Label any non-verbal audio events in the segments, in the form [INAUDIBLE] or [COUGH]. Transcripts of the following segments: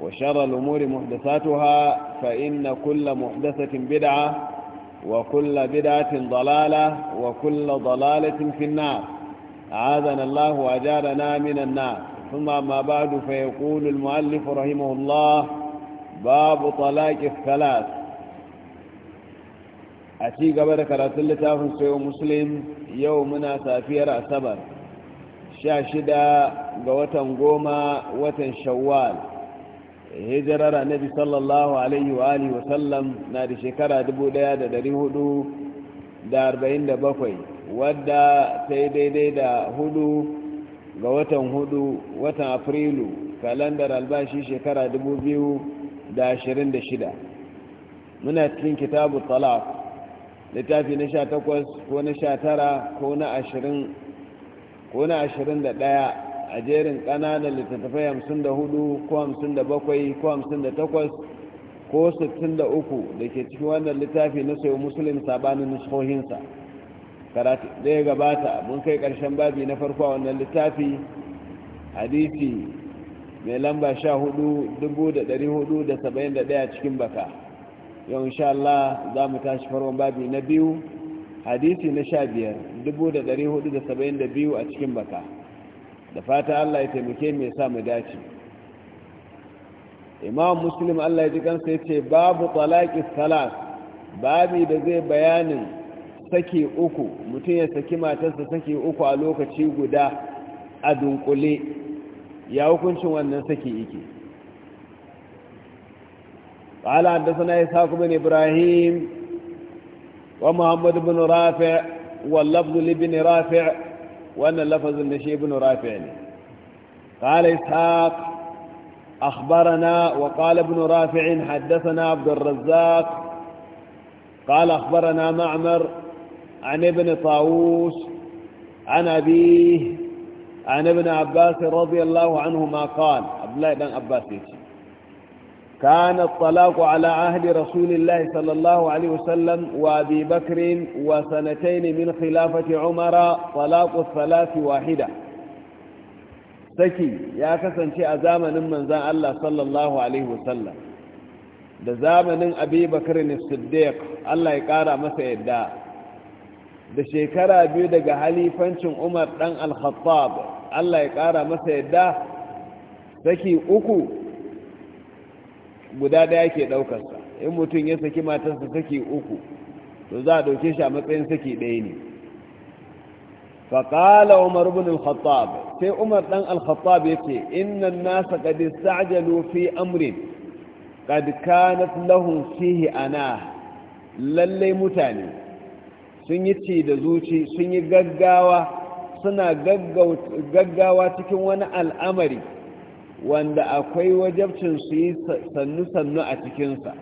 وشر الأمور محدثاتها فإن كل محدثة بدعة وكل بدعة ضلالة وكل ضلالة في النار أعاذنا الله وأجارنا من النار ثم ما بعد فيقول المؤلف رحمه الله باب طلاق الثلاث أتي قبل كراتلة تافن سيو مسلم يومنا سافير أسبر شاشدة قوة قومة وتن شوال hijirar annabi sallallahu alaihi wa alihi wa sallam na da shekara 1447 wadda ta yi daidai da hudu ga watan hudu watan afrilu kalandar albashi shekara 2026 muna cikin kitabu talaq littafi na 18 ko na 19 ko na 20 ko na 21 a jerin ƙananan littattafai hamsin da hudu ko hamsin da bakwai ko hamsin da takwas ko sittin da uku da ke cikin wannan littafi na sayo musulun sabanin nusohinsa karatu ɗaya gabata mun kai ƙarshen babi na farko a wannan littafi hadisi mai lamba sha hudu dubu da ɗari hudu da saba'in da ɗaya cikin baka yau insha Allah za mu tashi farkon babi na biyu hadisi na sha biyar dubu da ɗari hudu da saba'in da biyu a cikin baka da fata Allah ya taimake mai sa mu dace imam muslim Allah ya ji kansa ya ce babu talaki salas babi da zai bayanin saki uku mutum ya saki matarsa saki uku a lokaci guda a dunkule ya hukuncin wannan sake yake قال حدثنا Ibrahim, بن Muhammadu bin بن رافع واللفظ bin rafi وأن اللفظ النشي بن رافع يعني. قال إسحاق أخبرنا وقال ابن رافع حدثنا عبد الرزاق قال أخبرنا معمر عن ابن طاووس عن أبيه عن ابن عباس رضي الله عنهما قال عبد الله بن عباس يتشي كان الطلاق على عهد رسول الله صلى الله عليه وسلم وابي بكر وسنتين من خلافة عمر طلاق الثلاث واحدة سكي يا كسن شيء زامن من زان الله صلى الله عليه وسلم da zamanin abubakarin siddiq Allah ya kara masa yadda da shekara biyu daga halifancin umar dan al-khattab Allah ya kara masa yadda saki uku guda ɗaya ke ɗaukarsa in mutum ya saki matarsa saki uku to za a ɗauke shi a matsayin saki ɗaya ne faƙala umar bin al-khattab sai umar dan al-khattab ya ce innan nasa qad ista'jalu fi amrin qad kanat lahum fihi ana lallai mutane sun yi ci da zuci sun yi gaggawa suna gaggawa cikin wani al'amari wanda akwai wajabcin su yi sannu-sannu a cikinsa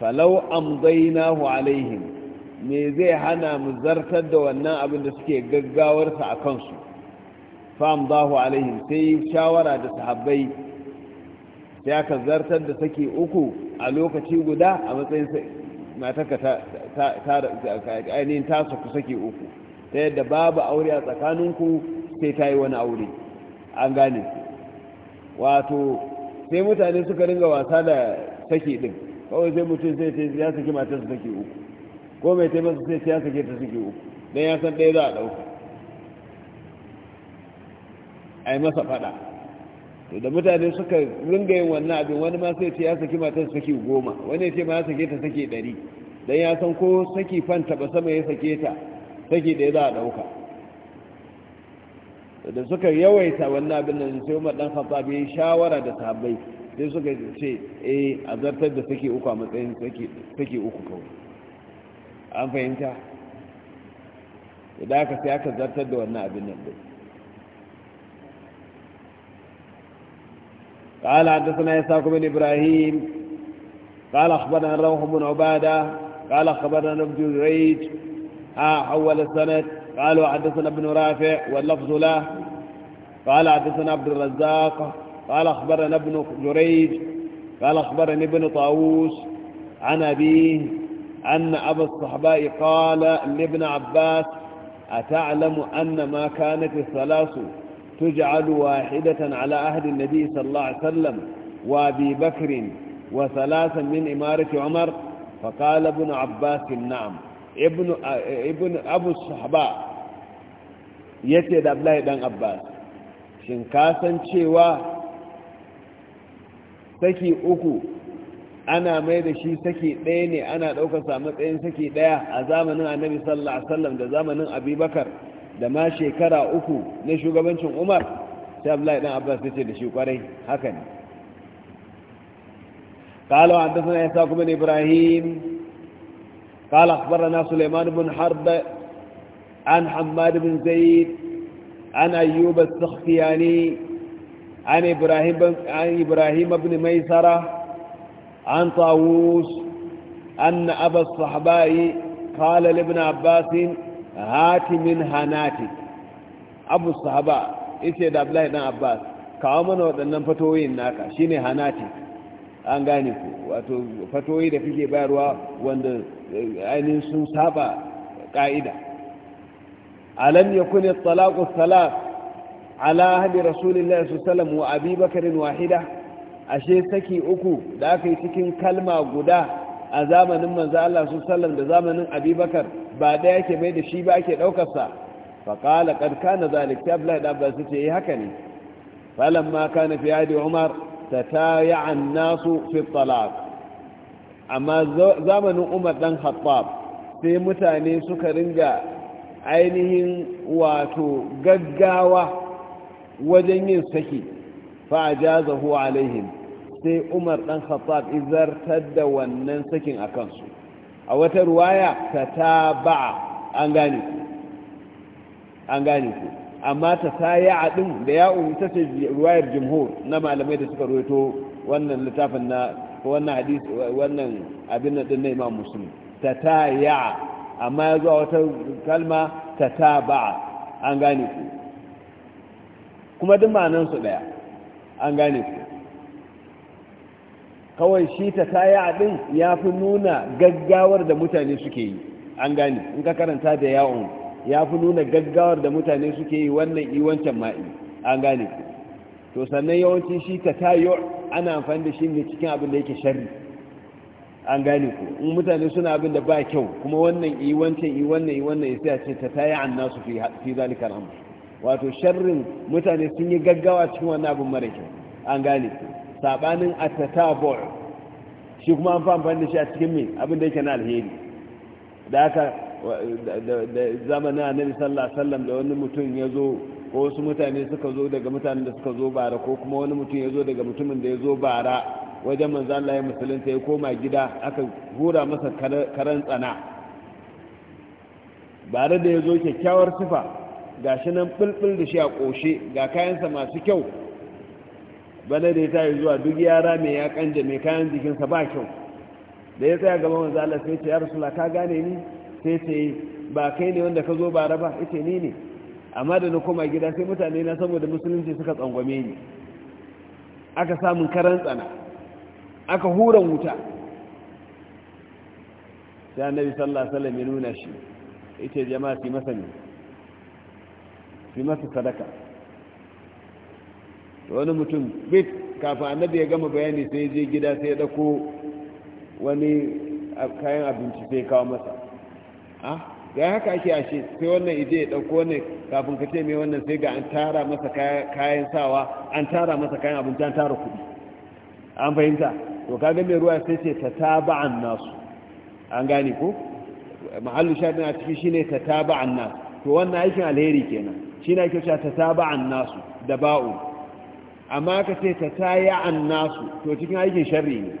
falau amdainahu alaihim me zai hana mu zartar da wannan abin da suke gaggawarsa a kansu famdahu alaihim sai shawara da sahabbai sai aka zartar da take uku a lokaci guda a matsayin matarka ainihin tasa ku sake uku ta yadda babu aure a tsakaninku sai ta yi wani aure an gane su wato sai mutane suka ringa wasa da saki din kawai sai mutum sai ce ya saki matarsa saki uku ko mai ce masa sai ya sake ta saki uku don ya san ɗaya za a ɗauka a yi masa faɗa to da mutane suka ringa yin wannan abin wani ma sai ce ya saki matarsa saki goma wani ya ce ma ya sake ta saki ɗari don ya san ko saki fan ba sama ya sake ta saki ɗaya za a ɗauka da suka yawaita wannan abin nan sai umar dan khattab yayi shawara da sahabbai sai suka ce eh azartar da take uku a matsayin take take uku kawai an fahimta idan aka sai aka zartar da wannan abin nan dai قال حدثنا يساق بن إبراهيم قال أخبرنا روح بن عبادة قال أخبرنا الريج ها حول السند قالوا وحدثنا ابن رافع واللفظ له قال حدثنا عبد الرزاق قال أخبرنا ابن جريج قال أخبرني ابن طاووس عن أبيه أن أبا الصحباء قال لابن عباس أتعلم أن ما كانت الثلاث تجعل واحدة على عهد النبي صلى الله عليه وسلم وأبي بكر وثلاثا من إمارة عمر فقال ابن عباس نعم ابن, ابن أبو الصحباء Yace ce da abdullahi dan abbas shin kasan cewa saki uku ana mai da shi saki ɗaya ne ana ɗaukar sa matsayin saki ɗaya a zamanin annabi sallallahu alaihi wasallam da zamanin abubakar da ma shekara uku na shugabancin umar sai abdullahi dan abbas ya da shi kwarai haka ne قال عبد الله بن ابراهيم قال اخبرنا سليمان بن حرب عن حماد بن زيد عن أيوب السختياني عن إبراهيم, عن إبراهيم بن ميسرة عن طاووس أن أبا الصحباء قال لابن عباس هات من هناتك أبو الصحباء إيش عبد الله بن عباس كامن waɗannan fatoyin naka shine hanatik an gane ku wato fatoyi da kike bayarwa wanda ainihin sun saba ka'ida alam yakun at-talaqu thalath ala hadi wa abi wahida ashe saki uku da aka yi cikin kalma guda a zamanin manzo Allah sallallahu da zamanin Abibakar ba da yake mai da shi ba ake ɗaukarsa. sa fa qala zalik da ce yi haka ne ka na fiye da umar tataya'a an-nasu fi amma zamanin umar ɗan khattab sai mutane suka ringa ainihin wato gaggawa wajen yin saki fa'ajazahu alaihim sai umar ɗan khattab izartar da wannan sakin a kansu a wata ruwaya ta taba'a an gane an gani ku amma ta taya ɗin da ya ta ce ruwayar jimhur na malamai da suka roto wannan littafin na wannan hadis wannan abin na ɗin imam musulmi ta taya amma ya zuwa wata kalma ta taba an gane ku kuma duk ma'anan su daya an gane ku kawai shi ta taya din ya fi nuna gaggawar da mutane suke yi an gane in ka karanta da yawon ya fi nuna gaggawar da mutane suke yi wannan iwancan ma'i an gane ku to sannan yawancin shi ta tayo ana amfani da shi ne cikin abin da yake sharri an gane ku in mutane suna abin da ba kyau kuma wannan yi wancan yi wannan yi wannan sai a ce ta tayi an nasu fi fi zalika al'amr wato sharrin mutane sun yi gaggawa cikin wannan abin mara kyau an gane ku sabanin atatabu shi kuma an fa amfani da shi a cikin me abin da yake na alheri da haka da zamanin annabi sallallahu alaihi wasallam da wani mutum ya zo ko wasu mutane suka zo daga mutanen da suka zo bara ko kuma wani mutum ya zo daga mutumin da ya zo bara wajen manzo Allah ya musulunta ya koma gida aka hura masa karan tsana bare da ya zo kyakkyawar sifa ga shi nan bulbul da shi a ƙoshe ga kayansa masu kyau bane da ya tayi zuwa duk yara mai ya kanja mai kayan jikinsa ba kyau da ya tsaya gaban manzo Allah sai ce ya rasulullah ka gane ni sai ce ba kai ne wanda ka zo bara ba ita ni ne amma da na koma gida sai mutane na saboda musulunci suka tsangwame ni aka samun karan tsana aka hura wuta sai annabi sallallahu alaihi wasallam ya nuna shi yace jama'a fi masa ne fi masa sadaka to wani mutum bit kafin annabi ya gama bayani sai je gida sai ya dako wani kayan abinci sai kawo masa ah ga haka ake ashe sai wannan ide ya dauko ne kafin ka ce mai wannan sai ga an tara masa kayan sawa an tara masa kayan abinci an tara kuɗi an fahimta to kaga mai ruwa sai ce ta taba'an nasu an gane ko mahallu shaɗin a cikin shi ne ta taba'an nasu to wannan aikin alheri kenan shi na kyau ta taba'an nasu da ba'u amma ka ce ta taya'an nasu to cikin aikin sharri ne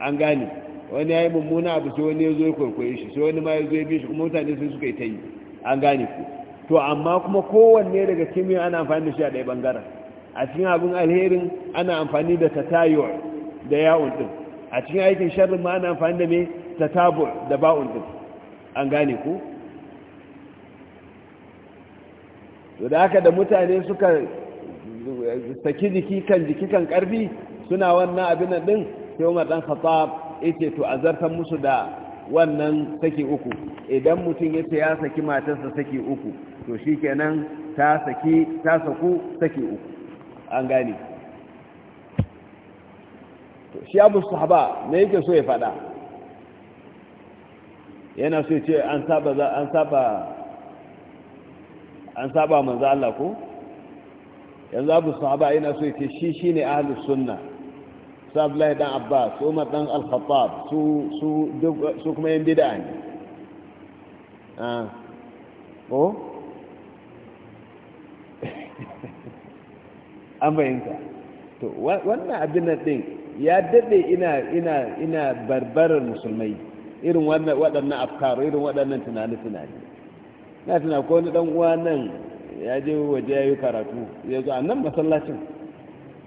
an gane wani ya yi mummuna abu sai wani ya zo ya kwaikwaye shi sai wani ma ya zo ya bi shi kuma mutane sun suka yi ta yi an gane ku to amma kuma kowanne daga kimiyya ana amfani da shi a ɗaya ɓangaren a cikin abin alherin ana amfani da ta tayuwa. da ya'un din a cikin aikin sharrin ma ana amfani da me tatabu da ba'un din an gane ku to da haka da mutane suka saki jiki kan jiki kan karfi suna wannan abin din sai Umar dan Khattab yace to azartan musu da wannan saki uku idan mutum yace ya saki matarsa saki uku to shikenan ta saki ta saku saki uku an gane to shi abu sahaba me yake so ya faɗa yana so ce an saba an saba an saba manzo Allah ko yanzu abu sahaba yana so ya ce shi shine ahlus sunna su Abdullahi dan Abbas su Umar dan Al-Khattab su su su kuma yan bid'a ne ah. ko [LAUGHS] an bayyanta to wannan abin nan din ya daɗe ina ina ina barbarar musulmai irin waɗannan afkar irin waɗannan tunani-tunani na tuna ko wani ɗan uwa nan ya je waje ya yi karatu ya zo a nan masallacin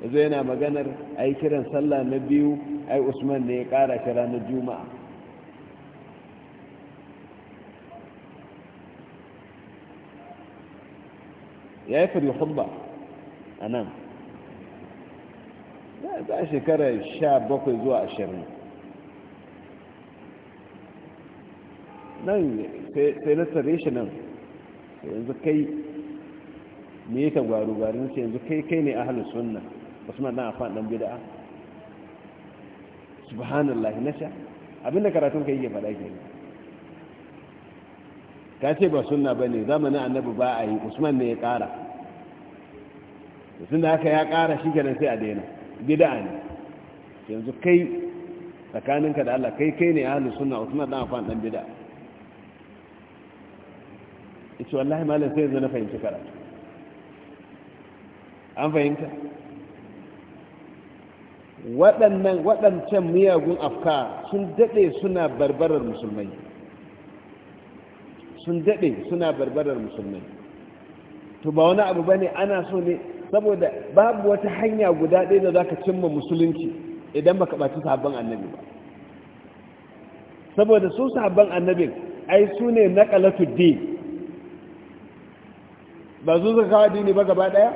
ya zo yana maganar a yi kiran sallah na biyu ai usman ne ya ƙara shi ranar juma'a ya yi fari hubba a nan za shekarar sha bakwai zuwa ashirin nan sai na tsare shi nan yanzu kai me ya ka gwaru gwarin sai yanzu kai kai ne a halin sunna usman na afan dan bid'a subhanallah na sha abinda karatun kai yake faɗa ke ka ce ba sunna ne zamanin annabi ba a yi usman ne ya ƙara sun da haka ya ƙara shi kenan sai a daina bid'a ne yanzu kai tsakaninka da Allah kai kai ne suna sunna Usman dan afan dan bid'a yace wallahi malam sai yanzu na fahimci karatu an fahimta waɗannan waɗancan miyagun afka sun daɗe suna barbarar musulmai sun daɗe suna barbarar musulmai to ba wani abu ba ne ana so ne saboda babu wata hanya guda ɗaya da za ka cimma musulunci idan baka ɓaci sahabban annabi ba saboda su sahabban annabin ai su ne naƙalatu din ba su suka kawo addini ba gaba ɗaya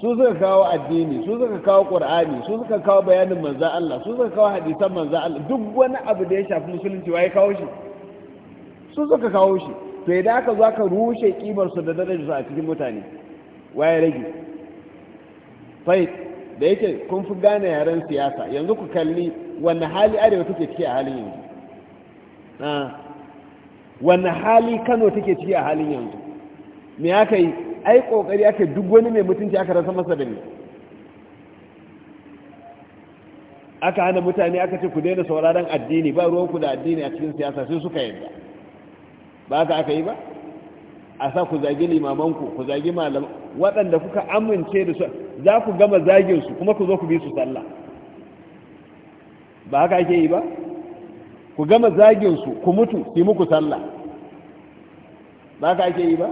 su suka kawo addini su suka kawo ƙur'ani su suka kawo bayanin manza Allah su suka kawo hadisan manza Allah duk wani abu da ya shafi musulunci waye kawo shi su suka kawo shi to idan aka zo aka rushe kimar su da darajar su a cikin mutane waye rage fai da yake kun fi gane yaren siyasa yanzu ku kalli wanne hali arewa take ciki a halin yanzu wanne hali kano take ciki a halin yanzu me aka yi ai kokari aka duk wani mai mutunci aka rasa masa da ni aka hana mutane aka ce ku daina sauraron addini ba ruwanku da addini a cikin siyasa sai suka yadda ba ka aka yi ba a sa ku zagi limamanku ku zagi waɗanda kuka amince da su za ku gama zagin su kuma ku zo ku bi su sallah ba haka ake yi ba ku gama zagin su ku mutu su muku sallah ba haka ake yi ba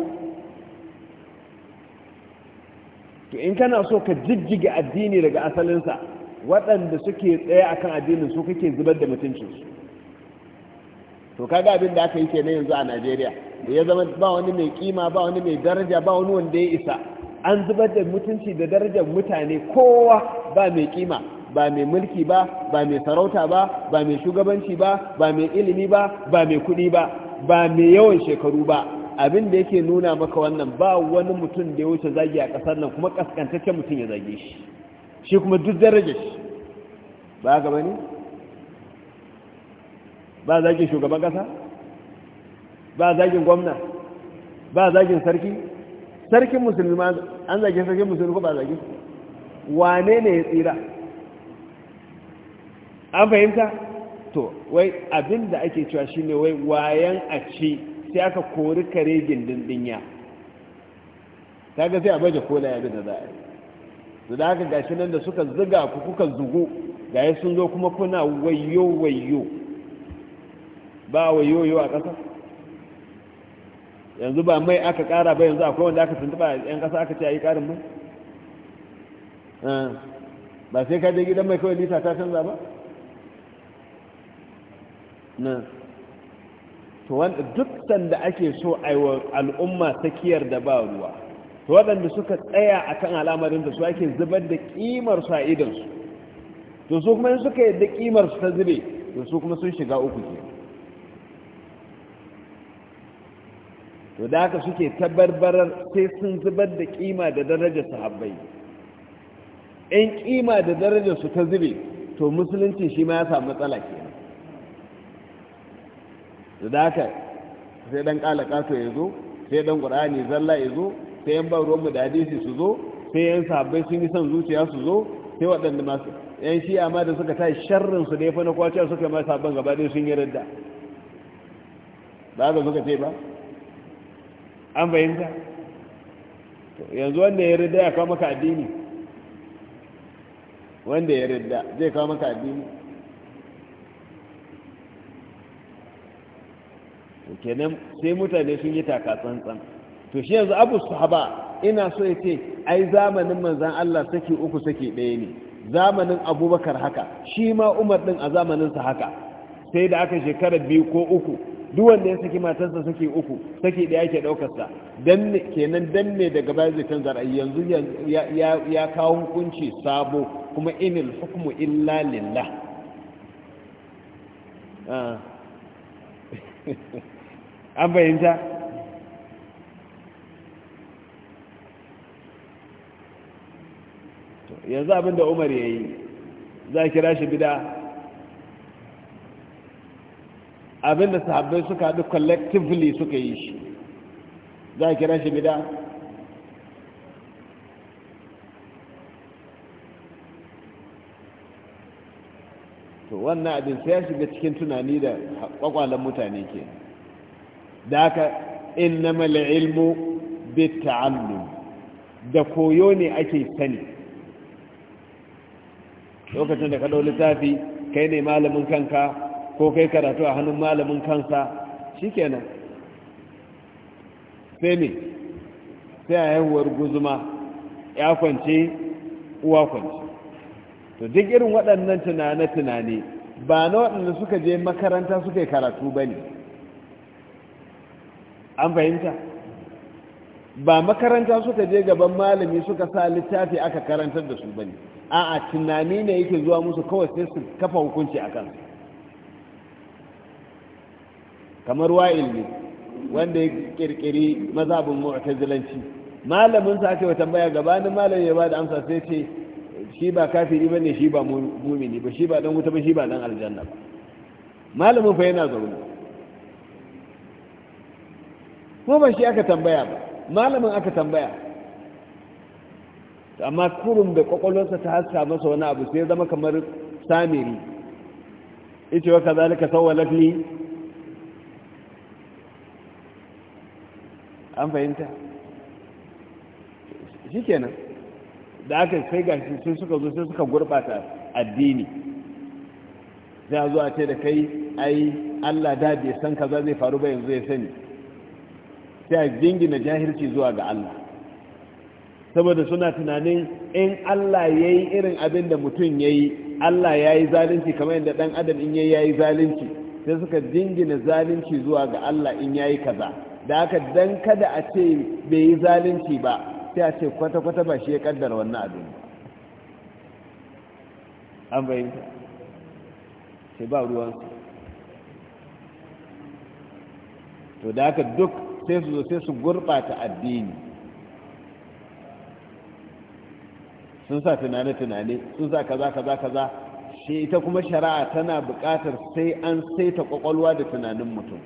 to in kana so ka jijjiga addini daga asalinsa waɗanda suke tsaye akan addinin su kake zubar da mutuncinsu to kaga abin da aka yi kenan yanzu a Najeriya da ya zama ba wani mai kima ba wani mai daraja ba wani wanda ya isa an zubar da mutunci da darajar mutane kowa ba mai kima ba mai mulki ba ba mai sarauta ba ba mai shugabanci ba ba mai ilimi ba ba mai kuɗi ba ba mai yawan shekaru ba abin da yake nuna maka wannan ba wani mutum da ya wuce zagi a kasar nan kuma kaskantaccen mutum ya zage shi shi kuma duk darajar shi ba ga bane ba zage shugaban kasa ba zagin gwamna ba zagin sarki sarkin musulmi ma an zagin sarkin musulmi ko ba zagin wane ne ya tsira an fahimta to wai abin da ake cewa shine wai wayan a ci sai aka kori kare gindin dinya ga sai a baje kola ya da za a yi su da aka gashi nan da suka ziga ku kuka zugu gaya sun zo kuma kuna wayo wayo ba wayo wayo a ƙasa yanzu ba mai aka kara ba yanzu akwai wanda aka tuntuba yan kasa aka ce a yi karin mai ah, ba sai ka je gidan mai kawai lita ta canza ba to wanda duk sanda ake so a wa al'umma tsakiyar da ba ruwa to waɗanda suka tsaya a kan al'amarin da su ake zubar da ƙimar su a idansu to su kuma yin suka da ƙimar su ta zube to su kuma sun shiga uku ke to da haka suke tabarbarar sai sun zubar da kima da darajar sahabbai in kima da darajar su ta zube to musulunci shi ma ya samu matsala kenan to da haka sai dan kala kato ya zo sai dan qur'ani zalla ya zo sai yan ba mu da hadisi su zo sai yan sahabbai sun yi son zuciya su zo sai waɗanda masu yan shi'a ma da suka tashi sharrin su da ya fa na kwaciya suka ma sahabban gaba ɗaya sun yi radda ba haka suka ce ba an fahimta yanzu wanda ya rida ya kawo maka addini wanda ya rida zai kawo maka addini kenan sai mutane sun yi takatsantsan to shi yanzu abu sahaba ina so ya ce ai zamanin manzan Allah saki uku saki ɗaya ne zamanin abubakar haka shi ma umar ɗin a zamaninsa haka sai da aka shekarar biyu ko uku duk wanda ya saki matarsa saki uku saki ɗaya ke ɗaukarsa dan kenan dan ne daga baya zai canza ra'ayi yanzu ya kawo hukunci sabo kuma inil hukmu illa lillah ah. [LAUGHS] an bayyanta yanzu abinda umar ya yi za ki rashi bida abinda sahabbai suka haɗu collectively suka yi shi za a kira shi bida to wannan abin sai ya shiga cikin tunani da kwakwalen mutane ke da haka mala ilmu bitta da koyo ne ake sani lokacin da ka ɗau littafi kai ne malamin kanka ko kai karatu a hannun malamin kansa shikenan sai ne sai a haihuwar guzuma ya kwance uwa kwance to duk irin waɗannan tunane-tunane ba na waɗanda suka je makaranta suka yi karatu ba ne an fahimta ba makaranta suka je gaban malami suka sa littafi aka karantar da su ba ne a a tunani ne yake zuwa musu kawai sai su kafa hukunci a kansu kamar wa'il ne wanda ya kirkiri mazhabin mu'tazilanci malamin sa aka wata tambaya gabanin malamin ya bada amsa sai ce shi ba kafiri ba ne shi ba mumini ba shi ba dan wuta ba shi ba dan aljanna ba malamin fa yana zaune ko ba shi aka tambaya ba malamin aka tambaya amma kurum da kwakwalwarsa ta haska masa wani abu sai zama kamar samiri ita wa kazalika sawwalat li an fahimta shi kenan da aka sai shi sun suka zo sai suka gurɓata addini za zo a ce da kai ai allah da bai san kaza zai faru ba yanzu ya sani sai a jingina jahilci zuwa ga allah saboda suna tunanin in allah ya yi irin abin da mutum ya yi allah ya yi zalunci kamar yadda ɗan adam in ya yi zalunci sai suka jingina zalunci zuwa ga allah in ya yi kaza da haka dan kada a ce bai yi zalunci ba sai a ce kwata-kwata ba shi ya kaddara wannan abin an bayyanta sai ba su to da haka duk sai su zo sai su gurɓata addini sun sa tunane-tunane sun sa kaza kaza kaza shi ita kuma shari'a tana buƙatar sai an saita ƙwaƙwalwa da tunanin mutum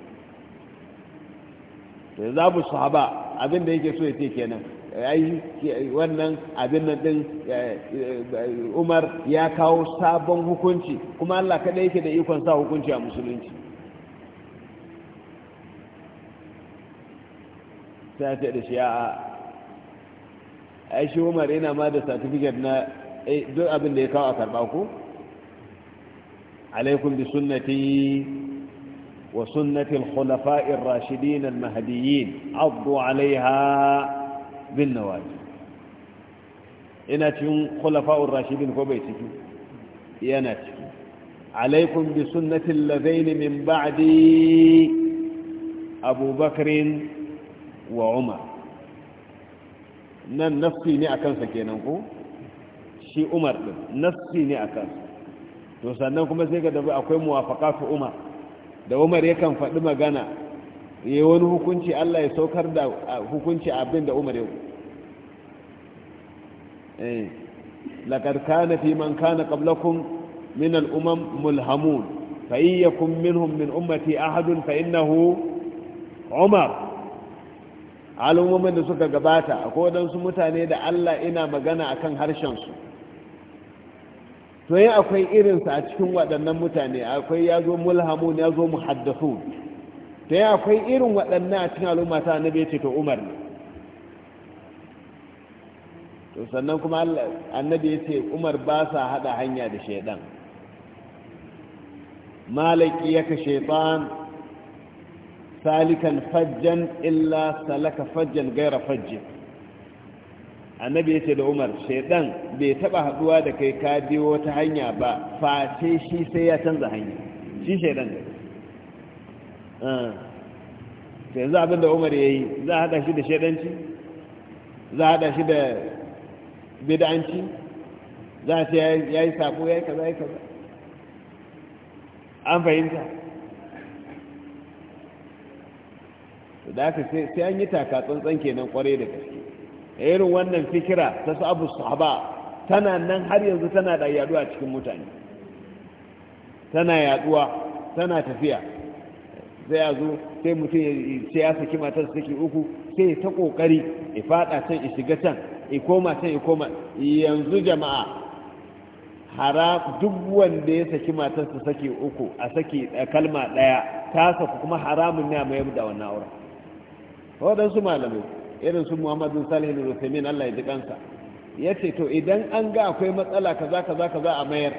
da zabu sahaba abin da yake so ya ce kenan ai wannan abin nan din eh, eh, Umar ya kawo sabon hukunci kuma Allah kada yake da ikon sa hukunci a musulunci sai ta da shi a ai Umar yana ma da certificate na eh, duk abin da ya kawo a karba ko alaikum bi sunnati وسنة الخلفاء الراشدين المهديين عضوا عليها بالنواجد إنتم خلفاء الراشدين فبيتكم ينتم عليكم بسنة الذين من بعد أبو بكر وعمر نن نفسي نأكن سكينكم شي أمر نفسي نأكن تو sannan kuma sai ka dabi akwai muwafaka fi umar da umar yakan faɗi magana ya yi wani hukunci allah ya saukar da hukunci abin da umar ya eh, laƙar na fi man kana ƙablakun min al'umman mulhamun fa iya kun minhum min a ahadun fa hu umar al'ummomin da suka gabata a kodansu mutane da allah ina magana a kan harshensu to yin akwai irinsa a cikin waɗannan mutane akwai ya zo mulhamun ya zo muhaddasu to yin akwai irin waɗannan a cikin al'umma ta annabi ya ce to umar ne to sannan kuma annabi ya ce umar ba sa haɗa hanya da shaidan malaki ka shaitan salikan fajjan illa salaka fajjan gaira fajjan annabi ya ce da umar shaidan bai taba haduwa da kai ka biyo wata hanya ba face shi sai ya canza hanya shi shaidan da sai za abin da umar ya yi za a hada shi da shaidanci za a hada shi da bid'anci za a ce ya yi sako ya yi kaza ya kaza an fahimta da aka sai an yi taka tsantsan kenan kwarai da gaske irin wannan fikira ta sabu sahaba tana nan har yanzu tana da yaduwa cikin mutane tana yaduwa tana tafiya zai a zo sai mutum ya ya saki matar saki uku sai ta kokari ya fada can ya shiga can ya koma can ya koma yanzu jama'a hara duk wanda ya saki matarsa saki uku a saki kalma daya ta saku kuma haramun ne a mayar da wannan auren waɗansu malamai irin su muhammadu salihu da rusamin allah ya ji kansa ya ce to idan an ga akwai matsala za ka za a mayar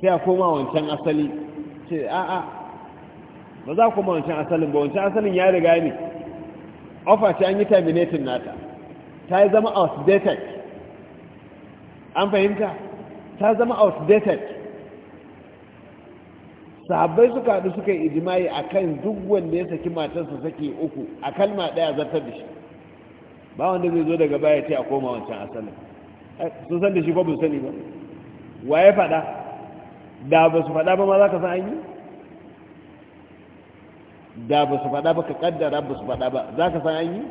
sai a koma wancan asali ce a'a ba za koma wancan asalin ba wancan asalin ya riga ne ofa ce an yi terminatin nata ta yi zama outdated an fahimta ta zama outdated Sabai suka haɗu suka yi ijimai a kan duk wanda ya saki matarsa saki uku a kalma ɗaya zartar da shi ba wanda zai zo daga baya ce a koma wancan asalin eh, sun san da shi ko bin sani ba wa ya faɗa da ba su faɗa ba ma za ka san an yi da ba su faɗa ba ka ƙaddara ba su faɗa ba za ka san an yi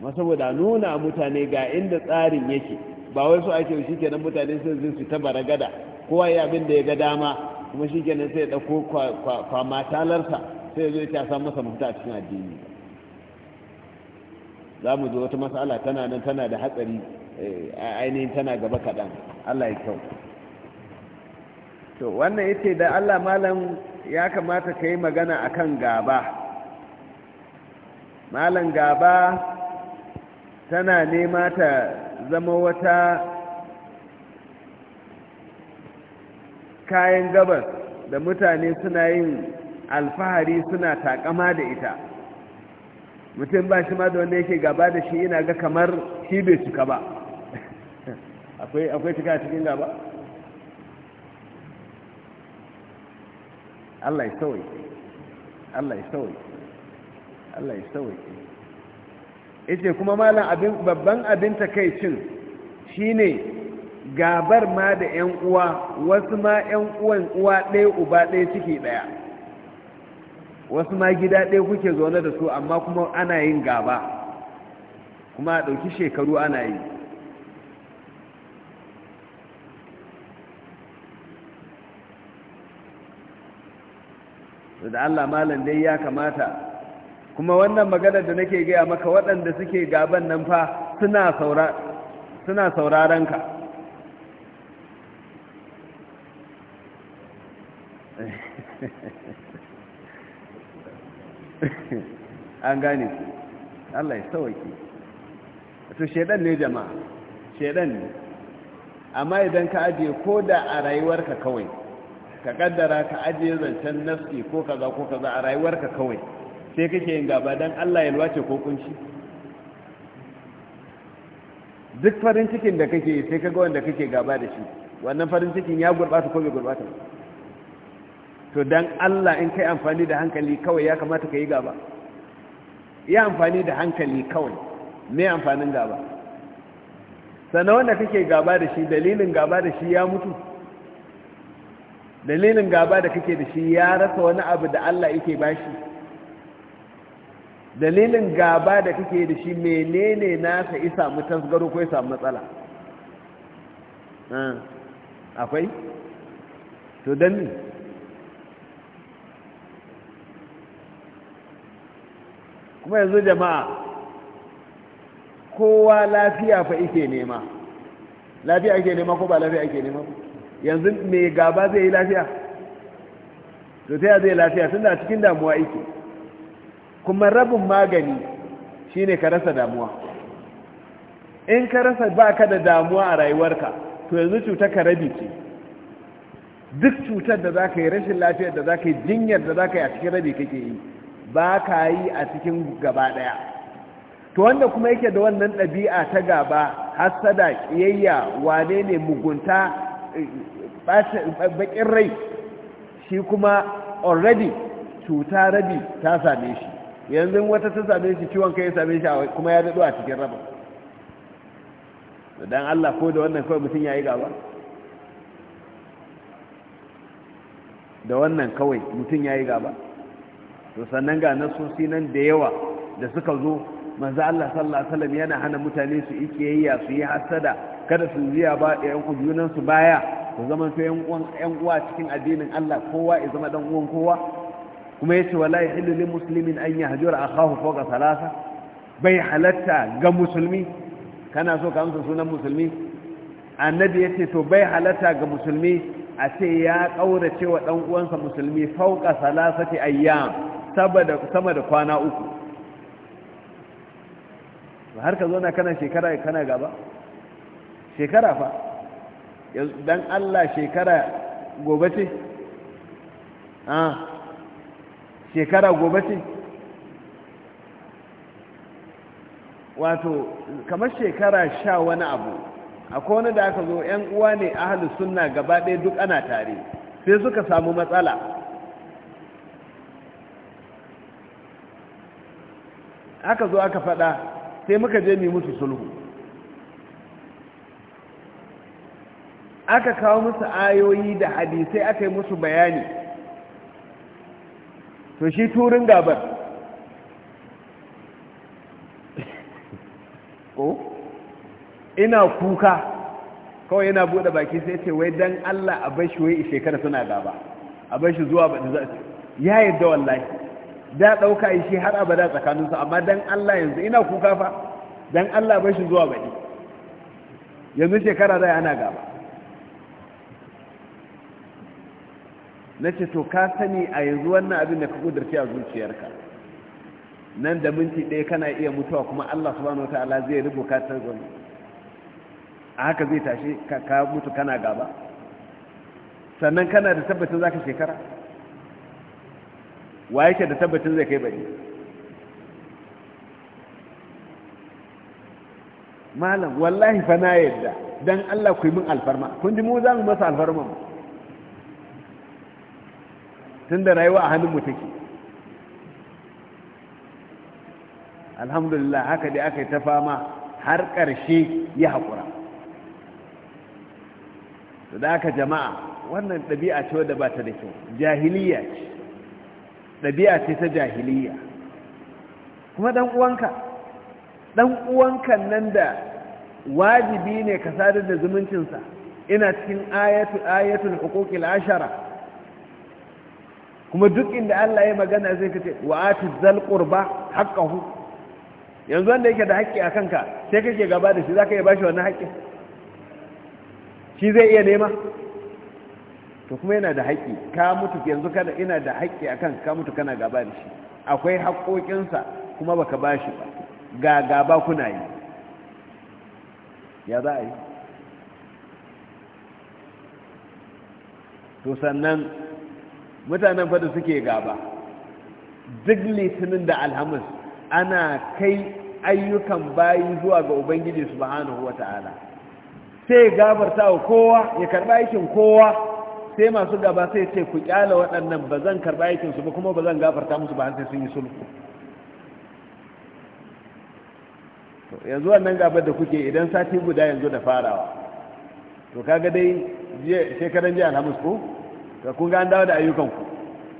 ma saboda nuna mutane ga inda tsarin yake ba wai so ake shi kenan mutane sai su su ta baragada kowa ya abin da ya ga dama kuma shi kenan sai ya ɗauko kwamatalarsa sai ya zo ya samu masa mafita a cikin addini za mu zo wata matsala tana nan tana da hatsari A eh, ainihin tana gaba kaɗan allah ya kyau to wannan ya da allah malam ya kamata ka yi magana akan gaba malam gaba tana nema ta zama wata kayan gabas da mutane suna yin alfahari suna takama da ita mutum ba shi ma da wanda yake gaba da shi ina ga kamar shi bai cika ba [LAUGHS] akwai cika cikin gaba Allah ya sauke Allah ya sauke Allah ya sauke. yace kuma malam abin babban abin takeicin shine gabar ma da yan uwa wasu ma yan uwan uwa ɗaya uba ɗaya ciki ɗaya wasu ma gida ɗaya kuke zaune da su amma kuma ana yin gaba kuma a ɗauki shekaru ana yi da Allah malam dai ya kamata kuma wannan magana da nake gaya maka waɗanda suke gaban nan fa suna sauraron ka [LAUGHS] an gane ku Allah ya sauwaki to shedan ne jama'a shedan ne amma idan ka ajiye ko da a rayuwarka kawai ka kaddara ka ajiye zancen nafsi ko kaza ko kaza a rayuwarka kawai sai kake yin gaba don Allah ya lwace ko kunshi duk farin cikin da kake sai kaga wanda kake gaba da shi wannan farin cikin ya gurbata ko bai gurbata to dan Allah in kai amfani da hankali kawai ya kamata ka yi gaba Ya amfani da hankali kawai me amfanin gaba sannan wanda kake gaba da shi dalilin gaba da shi ya mutu dalilin gaba da kake da shi ya rasa wani abu da Allah yake bashi dalilin gaba da kake da shi menene na nasa isa mu tasgaro ko isa matsala ah, akwai to don ni kuma yanzu jama'a kowa lafiya fa ike nema lafiya ake nema ko ba lafiya ake nema yanzu mai gaba zai yi lafiya to ta zai lafiya tun da cikin damuwa ike kuma rabin magani shine ka rasa damuwa in ka rasa baka da damuwa a rayuwarka to yanzu cutar ka rabi ce duk cutar da zaka yi rashin lafiyar da zaka yi jinyar da zaka yi a cikin rabi kake yi ba ka yi a cikin gaba daya to wanda kuma yake da wannan ɗabi'a ta gaba hasada kiyayya wane ne mugunta bakin rai shi kuma already cuta rabi ta same shi yanzu wata ta same shi ciwon kai ya same shi kuma ya daɗo a cikin raba don allah ko da wannan kawai mutum ya yi gaba da wannan kawai mutum ya yi gaba to sannan ga nasu nan da yawa da suka zo manzo allah sallallahu alaihi wasallam yana hana mutane su ikiyayya su yi hasada kada su yi ba da yan ujunan su baya ku zama to yan uwa cikin addinin allah kowa ya zama dan uwan kowa kuma yace wala yahillu lil muslimin an yahjura akahu foka salasa. bai halatta ga musulmi kana so ka amsa sunan musulmi annabi ya ce to bai halatta ga musulmi a ce ya kaurace wa dan uwansa musulmi fauka fawqa thalathati ayyam saboda sama da kwana uku har ka zo na kana shekara kana gaba shekara fa dan Allah shekara gobe ce ah shekara gobe ce wato kamar shekara sha wani abu akwai wani da aka zo 'yan uwa ne ahalus sunna gaba ɗaya duk ana tare sai suka samu matsala aka zo aka faɗa sai muka je mi musu sulhu aka kawo musu ayoyi da hadisai aka yi musu bayani to shi turin gabar ko ina kuka kawai yana bude baki sai ce wai dan Allah a bar shi wai shekara suna gaba a bar shi zuwa ba za ya yadda wallahi da dauka shi har abada tsakaninsu amma dan Allah yanzu ina kuka fa dan Allah bar shi zuwa baɗi yanzu shekara da ana gaba na ce to ka sani a yanzu wannan abin da ka kudurci a zuciyarka nan da minti ɗaya kana iya mutuwa kuma allah subhanahu wa ta'ala zai rubuta ta zama a haka zai tashi ka mutu kana gaba sannan kana da tabbacin za ka shekara wa yake da tabbacin zai kai bari malam wallahi fa na yadda don allah ku yi min alfarma kun ji mu za mu masa alfarma mu tunda rayuwa a hannunmu take alhamdulillah haka dai aka yi ta fama har ƙarshe ya haƙura to da aka jama'a wannan ɗabi'a ce wadda ba ta da kyau jahiliya ce ɗabi'a ce ta jahiliya kuma ɗan uwanka ɗan uwanka nan da wajibi ne ka sadar da zumuncinsa ina cikin ayatul ayatul ashara kuma duk inda Allah ya magana zai ka ce wa ati zal qurba haqqahu yanzu wanda yake da haƙƙi a kanka sai kake gaba da shi zaka yi bashi wannan haƙƙin shi zai iya nema to kuma yana da haƙƙi ka mutu yanzu kana ina da haƙƙi kanka ka mutu kana gaba da shi akwai haƙƙoƙinsa kuma baka bashi ba ga gaba kuna yi ya za a yi to sannan mutanen fada suke gaba duk litinin da alhamis ana kai ayyukan bayi zuwa ga ubangiji subhanahu ta'ala sai gabarta wa kowa ya karba aikin kowa sai masu gaba sai ce ku kyala waɗannan ba zan karba aikin su ba kuma ba zan gafarta musu ba har sai sun yi sulhu yanzu wannan gabar da kuke idan sati guda yanzu da farawa to kaga dai shekaran jiya alhamis ko ka kun ga an dawo da ayyukanku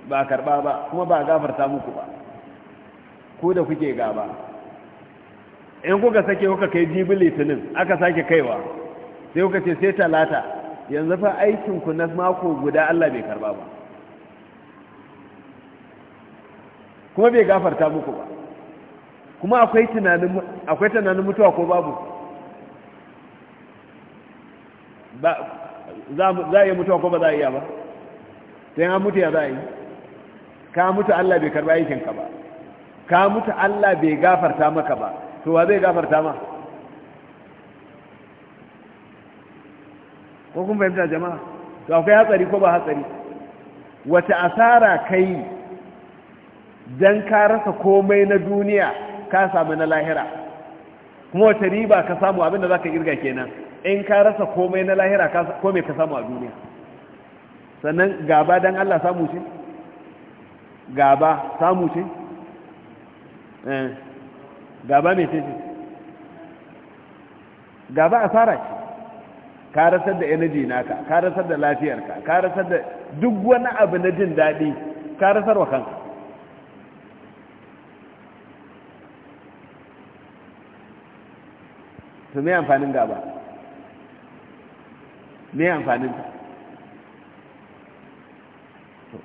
ba karba ba kuma ba gafarta muku ba ku da kuke gaba in kuka sake kuka kai jibi litinin aka sake kaiwa sai kuka ce sai talata yanzu fa aikinku na mako guda Allah bai karba ba kuma bai gafarta muku ba kuma akwai tunanin mutuwa ko babu za a yi mutuwa ko ba za a iya ba sai an mutu ya za a yi ka mutu Allah bai karba aikinka ba ka mutu Allah bai gafarta maka ba to wa zai gafarta ma ko kun fahimta jama'a to akwai hatsari ko ba hatsari wata asara kai dan ka rasa komai na duniya ka samu na lahira kuma wata riba ka samu abinda za ka girga kenan in ka rasa komai na lahira komai ka samu a duniya sannan gaba don Allah samu ce gaba samu eh, ce gaba mai ce gaba fara ce ka rasar da energy naka ka rasar da lafiyarka ka rasar da duk wani abu na jin daɗi ka rasar wa kanka su mai amfanin gaba mai amfanin ta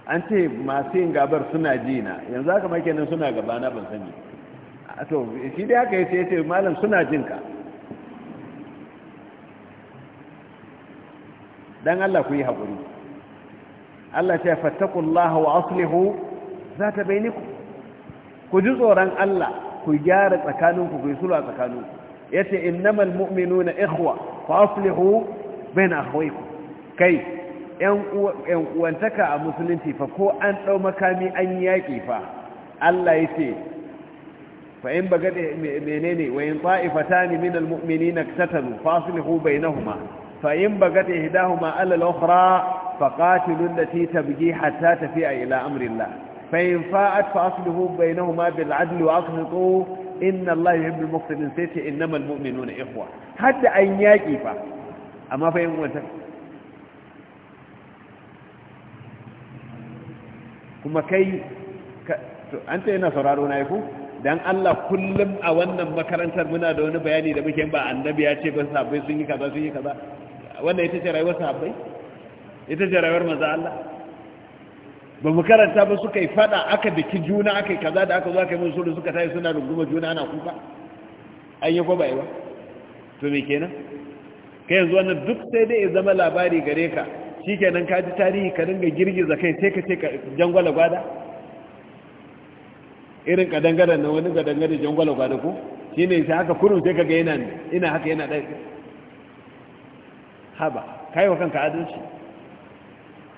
an ce masu yin gabar suna ji na yanzu haka nan suna gabana ban sani to shi dai haka yace yace malam suna jin ka dan Allah ku yi hakuri Allah ya fattaqullaha wa aslihu zata niku? ku ji tsoron Allah ku gyara tsakaninku ku yi sulwa a tsakaninku yace innamal mu'minuna ikhwa fa aslihu bain akhawaykum kai 'yan uwantaka a musulunci fa ko an ɗau makami an yi yaƙi fa Allah ya ce fa'in ba gaɗe menene wayin ta'ifata ne min almu'mini na tattalu fasilihu bai na huma fa'in ba gaɗe hidahuma alalokra faƙatilun da ti tabgi hatta tafiya ila amrillah fa'in fa'at fasilihu bai na huma bil'adlu a kusurko inna Allah ya hibbul muktalin sai ce innamal mu'minu na ikhwa hadda an yaƙi fa amma fa fa'in uwantaka kuma kai an ce yana sauraro na yaku dan Allah kullum a wannan makarantar muna da wani bayani da muke ba annabi ya ce ba sahabbai sun yi kaza sun yi kaza wannan ita ce rayuwar sabai. ita ce rayuwar Maza Allah ba mu karanta ba suka yi fada aka biki juna aka yi kaza da aka zo aka yi mun sulu suka tayi suna runguma juna ana kuka an yi kwaba yawa to me kenan kai yanzu wannan duk sai dai ya zama labari gare ka shikenan ka ji tarihi ka dinga girgiza kai sai ka ce jangwala gwada irin ka dangada na wani ga dangada jangwala gwada ko ne sai haka kurun sai ka ga yana ina haka yana dai haba kai wa kanka adalci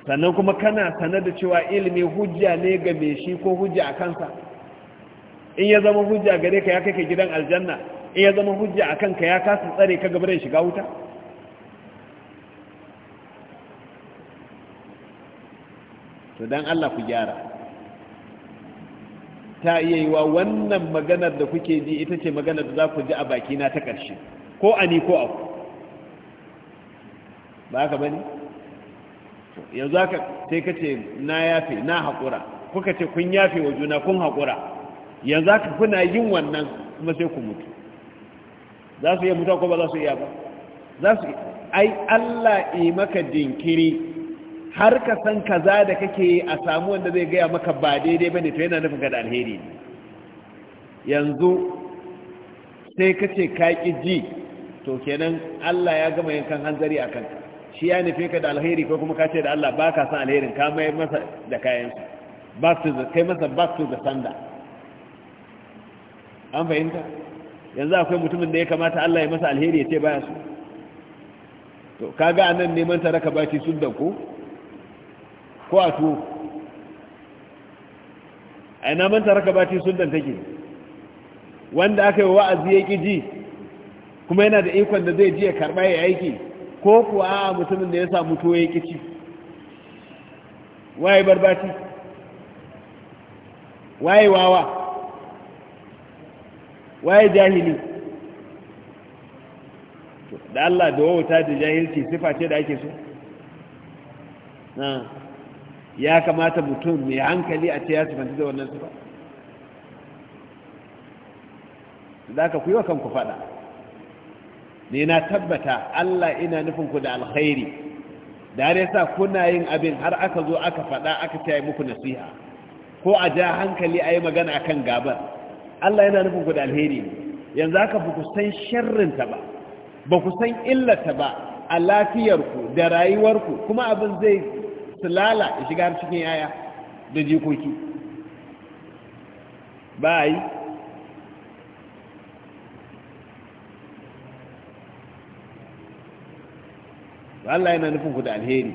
sannan kuma kana sanar da cewa ilimi hujja ne ga me shi ko hujja a kansa in ya zama hujja gare ka ya kai ka gidan aljanna in ya zama hujja a kanka ya kasa tsare ka gabar shiga wuta to dan Allah ku gyara ta iya yi wa wannan maganar da kuke ji ita ce maganar da za ku ji a bakina ta ƙarshe ko a ni ko a ku ba ka ba yanzu haka sai ka ce na yafe na haƙura kuka ce kun yafe wa juna kun haƙura yanzu haka kuna yin wannan kuma sai ku mutu za su iya mutuwa ko ba za su iya ba za su ai Allah i maka jinkiri har ka san kaza da kake a samu wanda zai gaya maka ba daidai bane to yana nufin ka da alheri ne yanzu sai ka ce ka ki ji to kenan Allah ya gama yankan hanzari a kanka shi ya nufe ka da alheri ko kuma ka ce da Allah ba ka san alherin ka mai masa da kayansa kai masa back to the sanda an fahimta yanzu akwai mutumin da ya kamata Allah ya masa alheri ya ce baya su to kaga anan neman taraka baki sun da ku ko a tuwo a ina manta raka bati sundan take wanda aka yi wa'azi ya ƙi ji kuma yana da ikon da zai ji ya karɓa ya aiki ko kuwa a mutumin da ya samu tuwo ya ƙi ci waye barbaci waye wawa waye jahili da Allah da wauta da jahilci sifa ce da ake so ya kamata mutum mai hankali a ce ya sifanci da wannan sifa za ka kuyi wa kanku faɗa ne na tabbata Allah ina nufinku da alkhairi da har yasa kuna yin abin har aka zo aka faɗa aka ce muku nasiha ko a ja hankali a yi magana a kan gabar Allah yana nufinku da alheri yanzu haka ba ku san ta ba ba ku san illata ba a lafiyarku da rayuwarku kuma abin zai lala ya shiga cikin yaya da jikoki ba a yi Allah yana nufin ku da alheri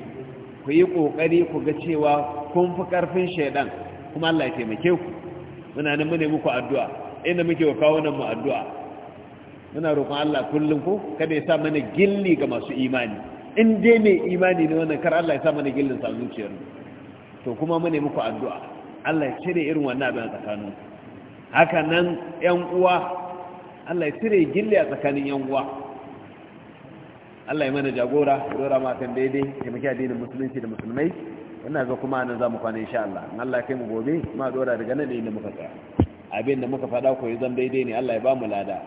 ku yi ƙoƙari ku ga cewa kun fi ƙarfin shaidan kuma Allah ya taimake ku muna nan mune muku addu'a inda muke wa kawo nan mu addu'a muna roƙon Allah kullum ku kada ya sa mana gilli ga masu imani in dai mai imani ne wannan kar Allah ya sa mana gillin sa zuciyar to kuma mu ne muku addu'a Allah ya cire irin wannan abin a tsakanin haka nan ƴan uwa Allah ya cire gilli a tsakanin ƴan uwa Allah ya mana jagora dora ma kan daidai taimaki addinin musulunci da musulmai wannan ga kuma nan zamu kwana insha Allah in Allah ya kai mu gobe ma dora daga nan inda muka tsaya abin da muka faɗa ko zan daidai ne Allah ya ba mu lada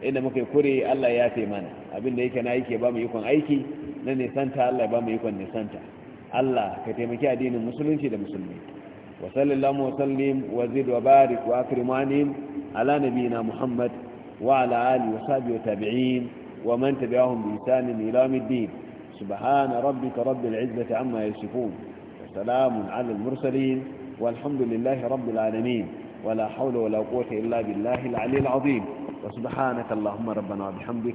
inda muka yi kure Allah ya yafe mana abin da yake na yake ba mu ikon aiki na nisanta Allah ya ba mu ikon nisanta Allah ka taimaki addinin musulunci da musulmi wa sallallahu wa sallim wa zid wa barik wa akrim ala nabiyina muhammad wa ala alihi wa sahbihi wa tabi'in wa man tabi'ahum bi ihsan ila yawmiddin سبحان ربك رب العزة wa يصفون وسلام على المرسلين والحمد لله رب العالمين ولا حول ولا قوة إلا بالله العلي العظيم وسبحانك اللهم ربنا وبحمدك